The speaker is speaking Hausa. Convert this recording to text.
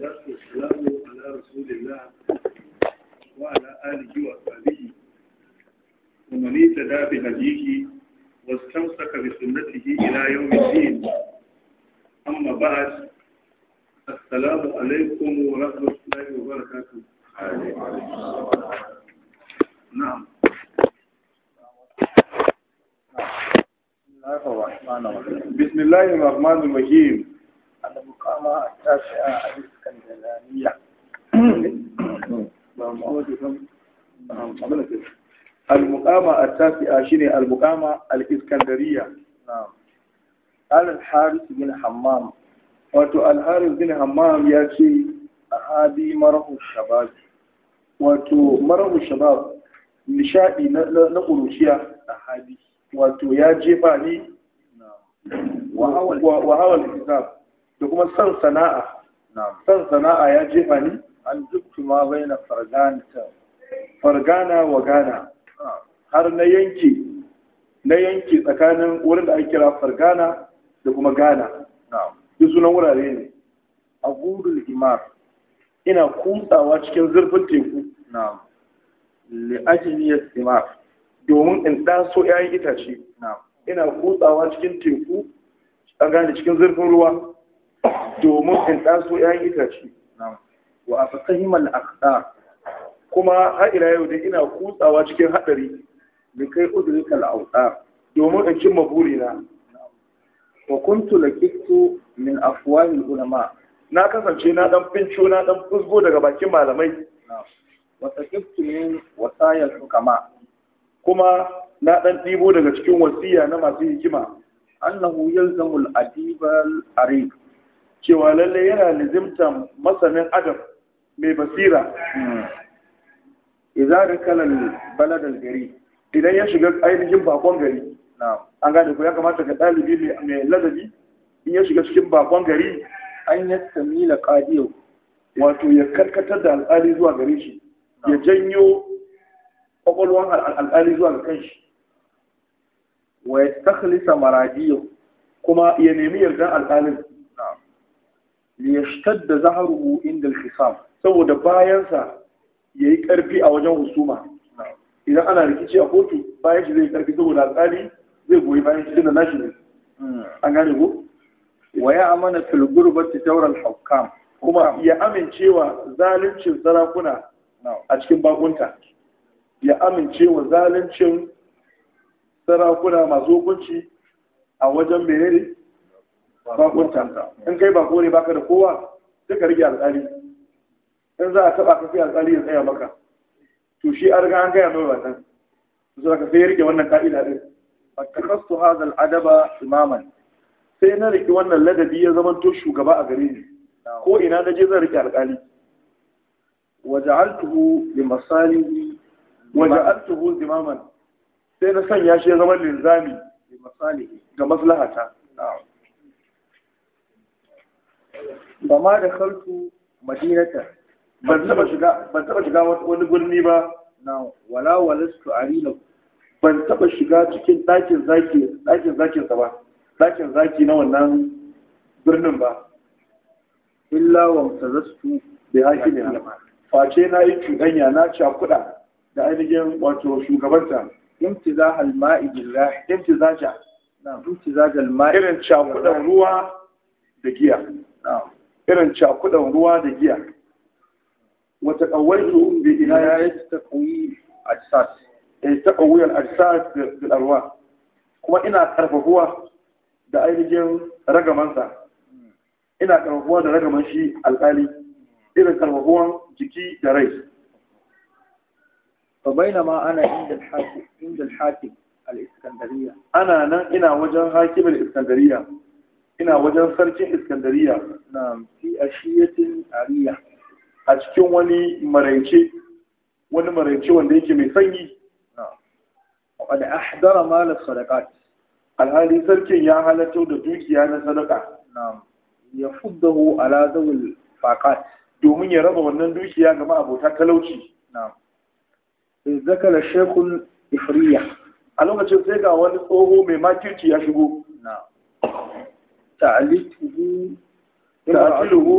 والصلاة والسلام على رسول الله وعلى آله وأصحابه ومن اهتدى بهديه واستمسك بسنته إلى يوم الدين أما بعد السلام عليكم ورحمة الله وبركاته نعم بسم الله الرحمن الرحيم المقامة التاسعة الإسكندرانية المقامة التاسعة شنو المقامة الإسكندرية نعم قال الحارث بن حمام ya ce ahadi marahu shabab wato shabab nishadi na kuruciya ahadi wato ya jefa ni wa hisab da kuma san sana'a san sana'a ya jefa ni an duktu ma baina farganata fargana wa gana har na yanke na yanki tsakanin wurin da ake kira fargana da kuma gana duk sunan wurare ne a gudun himar ina kutsawa cikin zurfin teku li'ajiniyar himar domin in ɗaso yayin itace ina kutsawa cikin teku a gane cikin zurfin ruwa domin in ɗaso ‘ya'yan itace wa a fasahimal akhtar kuma ha’ira ila yau da ina kutsawa cikin haɗari da kai udrikal kal’auta domin in cimma burina wa kuntu laqitu min afuwahin ulama na kasance na ɗan finco na ɗan fusgo daga bakin malamai wa taqiftu min wasayil kama kuma na ɗan ɗibo daga cikin wasiya na masu hikima annahu yalzamu al-adibal arif cewa lalle yana lizimta masanin adam mai basira izarin kalan baladar gari idan ya shiga ainihin bakon gari an gane ku ya kamata ga ɗalibi mai ladabi in ya shiga cikin bakon gari an yi samila ƙadiyau wato ya karkatar da al'ali zuwa gare shi ya janyo ƙwaƙwalwan al'ali zuwa ga shi, wa ya takhlisa maradiyo kuma ya nemi yardan al'alin liyashtadda zaharuhu inda al-khisam saboda bayansa yayi karfi a wajen husuma idan ana rikici a kotu bayan shi zai karfi saboda tsari zai goyi bayan shi da nashi ne an gane ko wa ya amana fil gurbati tawral hukam kuma ya amincewa zaluncin sarakuna a cikin bakunta ya amincewa zaluncin sarakuna masu hukunci a wajen menene Ba bakuntanka in kai bako ne baka da kowa sai ka rige alƙali in za a taɓa ka sai alƙali ya tsaya maka to shi an riga an gaya mai wannan su ka sai ya rike wannan ka'ida din fattakastu hadha adaba imaman sai na rike wannan ladabi ya zama to shugaba a gare ni ko ina na je zan rike alƙali waja'altuhu li masalihi waja'altuhu imaman sai na sanya shi ya zama linzami li masalihi ga maslahata na'am ba ma da kalku madinata ban taba shiga ban taba shiga wani gurni ba na wala walastu arina ban taba shiga cikin ɗakin zaki ɗakin zaki sa ba ɗakin zaki na wannan birnin ba illa wa mutazastu bi hakimi face na yi cuɗanya na cakuɗa da ainihin wato shugabanta imtiza halma'i billah billah ja na imtizaja al irin cakuɗan ruwa da giya na'am irin cakudan ruwa da giya wata kawaihu bi ila ya yi ta kawai a sas ya yi ta kawaiyan a sas da darwa kuma ina karfafuwa da ainihin ragamansa ina karfafuwa da ragaman alkali irin karfafuwan jiki da rai fa baina ma ana inda al-hakim al iskandariya ana nan ina wajen hakimin iskandariya ina wajen sarkin iskandariya na'am ashiyatin ariya a cikin wani maraice wani maraice wanda yake mai sanyi wa da ahdara mal sadaqat alhali sarkin ya halatta da dukiya na sadaka na'am ya fuddahu ala zawil faqat domin ya raba wannan dukiya ga ma'abota talauci na'am sai zakala shaykhul ifriya a lokacin sai ga wani tsoho mai makirci ya shigo na'am ta'alitu Tá. Eu tiro